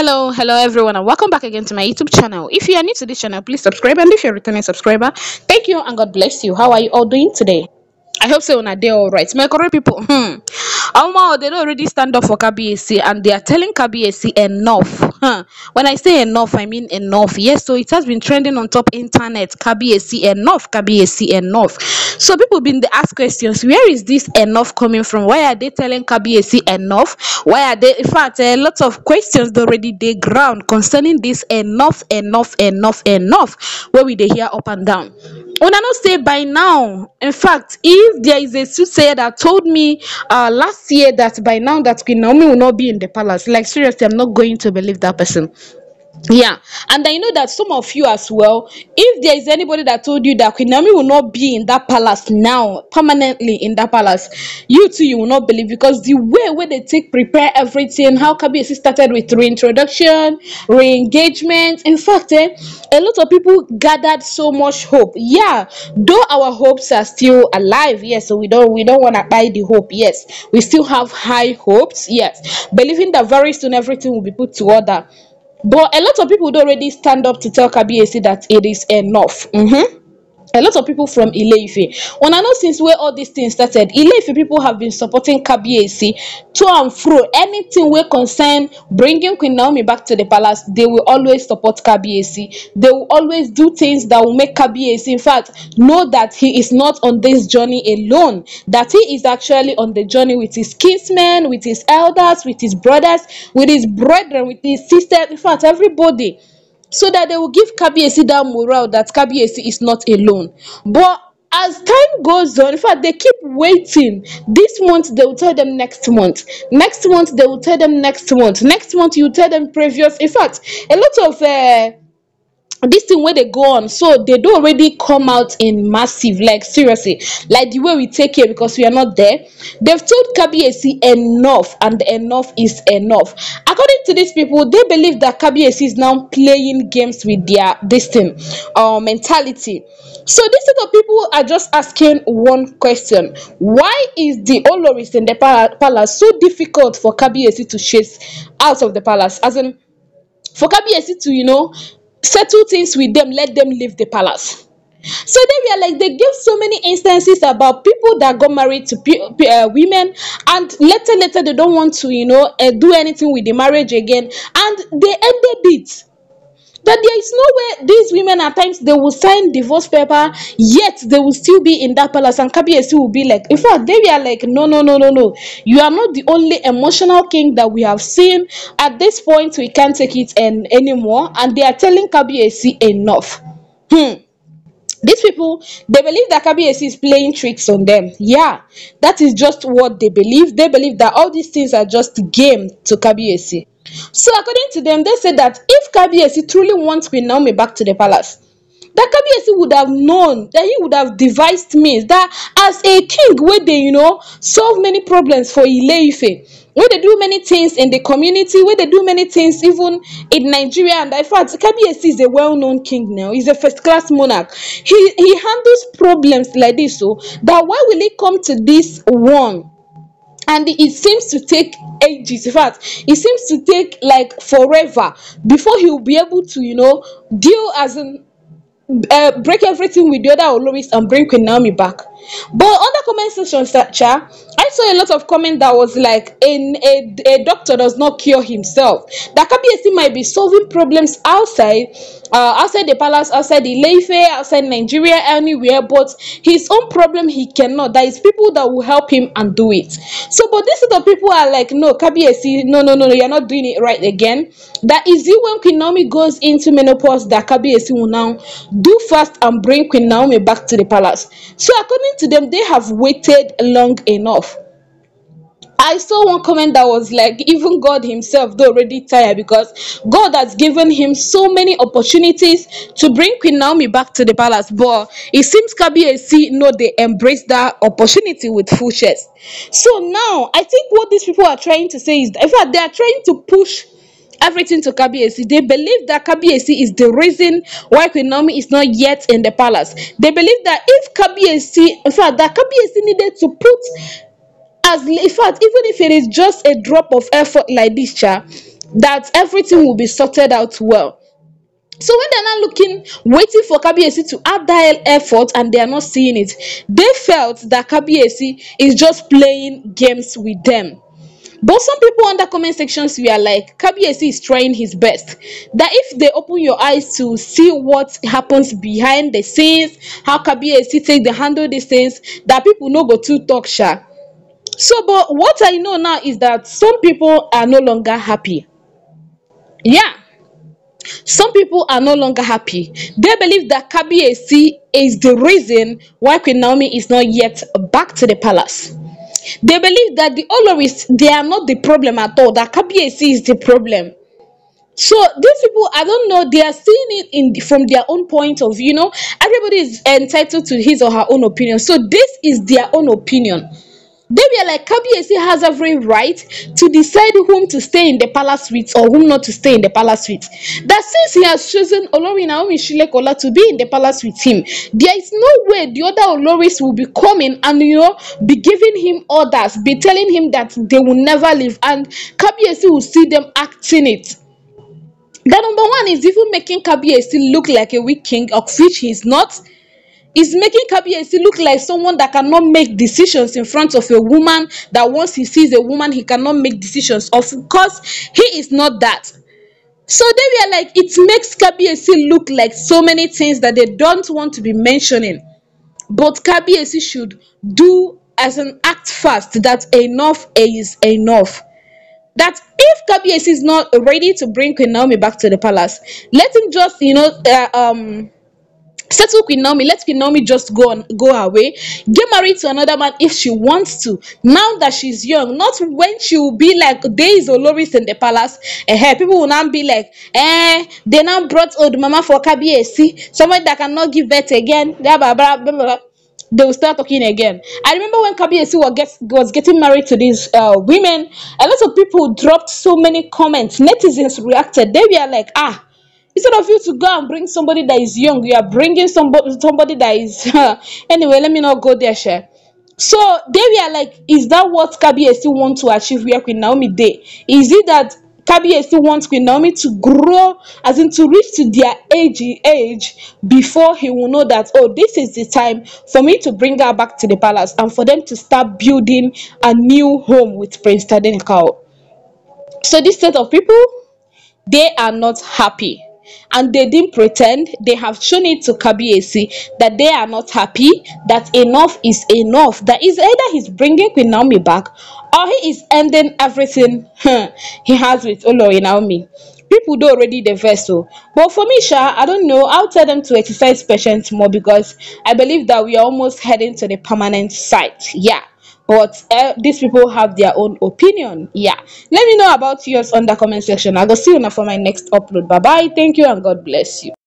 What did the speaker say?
hello hello everyone and welcome back again to my youtube channel if you are new to this channel please subscribe and if you're a returning subscriber thank you and god bless you how are you all doing today i hope so on a day all right my correct people hmm Almao, they don't already stand up for KBAC and they are telling KBAC enough. Huh. When I say enough, I mean enough. Yes, so it has been trending on top internet. KBAC enough, KBAC enough. So people been they ask questions. Where is this enough coming from? Why are they telling KBAC enough? Why are they? In fact, a lot of questions already they ground concerning this enough, enough, enough, enough. Where we they hear up and down. When I not say by now. In fact, if there is a soothsayer that told me uh, last fear that by now that Queen Naomi will not be in the palace. Like seriously, I'm not going to believe that person yeah and i know that some of you as well if there is anybody that told you that queen naomi will not be in that palace now permanently in that palace you too you will not believe because the way where they take prepare everything how is started with reintroduction re-engagement in fact eh, a lot of people gathered so much hope yeah though our hopes are still alive yes so we don't we don't want to buy the hope yes we still have high hopes yes believing that very soon everything will be put to order but a lot of people don't already stand up to tell Kabiesi that it is enough. Mm-hmm a lot of people from Ileife. When I know since where all these things started, Ileife people have been supporting Kabiesi to and fro. Anything we concern bringing Queen Naomi back to the palace, they will always support Kabiesi. They will always do things that will make Kabiesi, in fact, know that he is not on this journey alone, that he is actually on the journey with his kinsmen, with his elders, with his brothers, with his brethren, with his sisters, in fact, everybody so that they will give Kabiesi that morale that Kabiesi is not alone. But as time goes on, in fact, they keep waiting. This month they will tell them next month. Next month they will tell them next month. Next month you tell them previous. In fact, a lot of uh, this thing where they go on so they don't already come out in massive like seriously like the way we take it because we are not there they've told kbac enough and enough is enough according to these people they believe that kbac is now playing games with their this thing uh, mentality so these set of people are just asking one question why is the oloris in the palace so difficult for kbac to chase out of the palace as in for KBSC to, you know, settle things with them, let them leave the palace. So they were like, they give so many instances about people that got married to uh, women, and later, later, they don't want to, you know, uh, do anything with the marriage again, and they ended it that there is no way these women at times they will sign divorce paper yet they will still be in that palace and KBSC will be like in fact they were like no no no no no you are not the only emotional king that we have seen at this point we can't take it and anymore and they are telling KBSC enough hmm these people they believe that kbac is playing tricks on them yeah that is just what they believe they believe that all these things are just game to kbac so according to them they said that if kbac truly wants queen naomi back to the palace that kabiyesi would have known that he would have devised means that as a king where they you know solve many problems for Ileife. Where they do many things in the community where they do many things even in nigeria and in fact KBS is a well-known king now he's a first-class monarch he he handles problems like this so oh, that why will he come to this one and it seems to take ages in fact it seems to take like forever before he will be able to you know deal as in uh, break everything with the other Oloris and bring Queen Naomi back but on the comment section, Cha, uh, I saw a lot of comment that was like, a, a, a doctor does not cure himself. That KBSC might be solving problems outside, uh, outside the palace, outside the Leife, outside Nigeria, anywhere, but his own problem he cannot. That is people that will help him and do it. So, but this is the people are like, no, KBSC, no, no, no, no, you're not doing it right again. That is you when Queen Naomi goes into menopause, that KBSC will now do fast and bring Queen Naomi back to the palace. So, according According to them, they have waited long enough. I saw one comment that was like, even God Himself, they already tired because God has given him so many opportunities to bring Queen Naomi back to the palace. But it seems and C no, they embrace that opportunity with full chest. So now, I think what these people are trying to say is, in fact, they are trying to push everything to Kabiesi. They believe that Kabiesi is the reason why economy is not yet in the palace. They believe that if Kabiesi, in fact, that Kabiesi needed to put as in fact, even if it is just a drop of effort like this, cha, that everything will be sorted out well. So when they're not looking, waiting for KBAC to add that effort and they are not seeing it, they felt that KBAC is just playing games with them. But some people the comment sections we are like, Kabiesi is trying his best. That if they open your eyes to see what happens behind the scenes, how Kabiesi take the handle these things, that people no go to talk sha. So, but what I know now is that some people are no longer happy. Yeah. Some people are no longer happy. They believe that Kabiesi is the reason why Queen Naomi is not yet back to the palace. They believe that the Oloris, they are not the problem at all, that KPAC is the problem. So these people, I don't know, they are seeing it in from their own point of view. You know, everybody is entitled to his or her own opinion. So this is their own opinion they were like KBAC has every right to decide whom to stay in the palace suite or whom not to stay in the palace suite. That since he has chosen Olori Naomi to be in the palace with him, there is no way the other Oloris will be coming and you know be giving him orders, be telling him that they will never leave, and KBAC will see them acting it. The number one is even making KBAC look like a weak king, of which he is not is making Kabiyesi look like someone that cannot make decisions in front of a woman that once he sees a woman he cannot make decisions of course he is not that so they were like it makes Kabiyesi look like so many things that they don't want to be mentioning but Kabiyesi should do as an act first that enough is enough that if Kabiyesi is not ready to bring Queen back to the palace let him just you know uh, um settle Queen Naomi, let Queen Naomi just go on go away. get married to another man if she wants to. Now that she's young, not when she will be like days or loris in the palace. Eh, people will now be like, eh, they now brought old mama for KBAC, someone that cannot give birth again. Blah, blah, blah, blah, blah. They will start talking again. I remember when KBAC was, get, was getting married to these uh, women, a lot of people dropped so many comments. Netizens reacted. They were like, ah, instead of you to go and bring somebody that is young you are bringing somebody somebody that is anyway let me not go there share so they were like is that what kabi still want to achieve are queen naomi day is it that kabi still wants queen naomi to grow as in to reach to their age age before he will know that oh this is the time for me to bring her back to the palace and for them to start building a new home with prince tadenkao so this set of people they are not happy and they didn't pretend they have shown it to kabiesi that they are not happy that enough is enough that is either he's bringing queen naomi back or he is ending everything hmm, he has with olori naomi people do already the vessel but for me sha i don't know i'll tell them to exercise patience more because i believe that we are almost heading to the permanent site yeah but uh, these people have their own opinion yeah let me know about yours on the comment section i will go see you now for my next upload bye bye thank you and god bless you